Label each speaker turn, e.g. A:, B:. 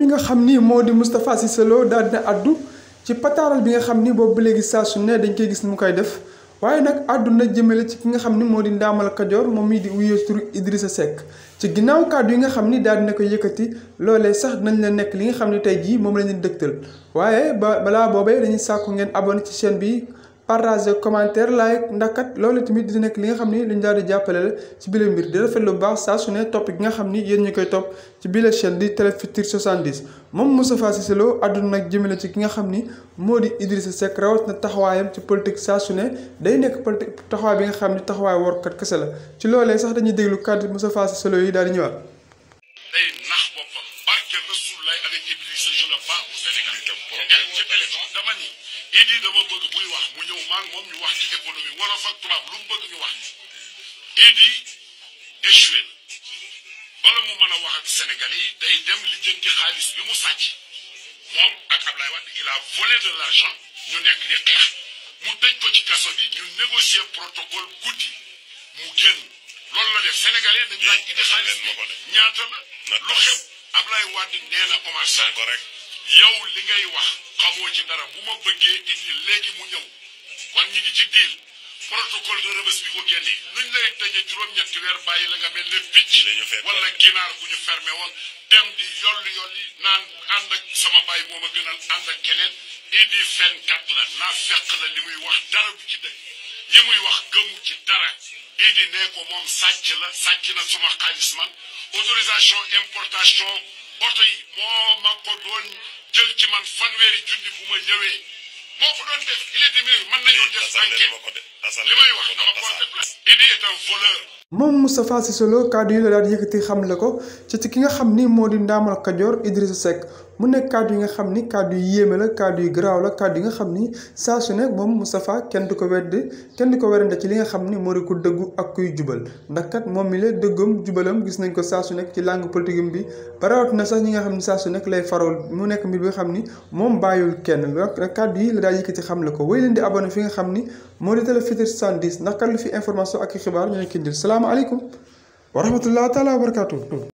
A: li nga xam ni moo di Moustapha Cissé Lo daal dina addu ci pataaral bi nga xam ni boobu léegi saa su ne dañ koy gis ni mu koy def waaye nag àdduna jëmale ci ki nga xam ni moo di Kajoor moom mii di wuyoo turu Idrissa Seck ci ginnaaw kàddu yi nga xam ni daal na ko yëkkati loole sax dinañ leen nekk li nga xam ni tey jii moom la ñu dëgtal waaye ba balaa boobe dañuy sàkku ngeen abonné ci chaîne bi partage commentaire like ndax kat loolu tamit dina nekk li nga xam ni luñ daal di jàppale la ci bile mbir di rafet lu baax saa su ne topp gi nga xam ni yéen ñi koy topp ci bile chaîne di Télé Futur 70 moom Moustapha Cissé Lo àdduna nag jëmale ci ki nga xam ni moo di Idrissa Seck rawat na taxawaayam ci politique saa su ne day nekk politique taxawaay bi nga xam ni taxawaay workat kese la ci loolee sax dañuy déglu kàddu Moustapha Cissé selo yi daal di ñëwaat. boppam barke Rasulullah avec Idrissa
B: je le bats au Sénégal. ci élection dama ni Idi dama bëgg buy wax mu ñëw maa ngi moom ñu wax ci économie wala ak tubaab lu mu bëgg ñu wax Idi échoué bala mu mën a wax ak Sénégalais yi day dem li jën ci xaalis bi mu sàcc moom ak Ablaye Wade il a volé de l'argent ñu nekk di xeex mu tëj ko ci kaso bi ñu négocier protocole guddi mu génn loolu la def Sénégalais dañu laaj ci xaalis bi ñaata la lu xew. Ablaye Wade nee na Omar Sonko rek yow li ngay wax xamoo ci dara bu ma bëggee indi léegi mu ñëw kon ñi ngi ci diil protocole de Rebeuss bi ko génnee nuñ lay tëjee juróom-ñetti weer bàyyi la nga mel ne picc wala ginaar bu ñu fermé woon dem di yolli yolli naan ànd ak sama baay moom a gënal ànd ak keneen idi fenkat la naa fekk la li muy wax dara bu ci dëgg li muy wax gëmu ci dara yi nee ko moom sàcc la sàcc na suma xaalis man autorisation importation oto yi moo ma ko doon jël ci man fanweeri junni bu ma ñëwee moo ko doon def il est de mën nañu def enquête li may wax dama ko def Idi est
A: un voleur. moom Moustapha Cissé Lo kàddu yi la daal yëkkati xam la ko ci ci ki nga xam ni moo di ndaamal Kajoor Idrissa Seck mu nekk kàddu yi nga xam ni kàddu yu yéeme la kàddu yu garaaw la kàddu yi nga xam ni saa su nekk moom Moustapha kenn du ko wedd kenn du ko werante ci li nga xam ni moo di ku dëggu ak kuy jubal ndax kat moom mi la dëggam jubalam gis nañ ko saa su nekk ci langue politique bi barawat na sax ñi nga xam ni saa su nekk lay faral mu nekk mbir bi nga xam ni moom bàyyul kenn kàddu yi la daal yëkkati xam la ko wéy leen fi nga xam ni moo di Télé ak xibaar ñu ngi leen di salaamaaleykum wa rahmatulah taalaa wa barakaatu.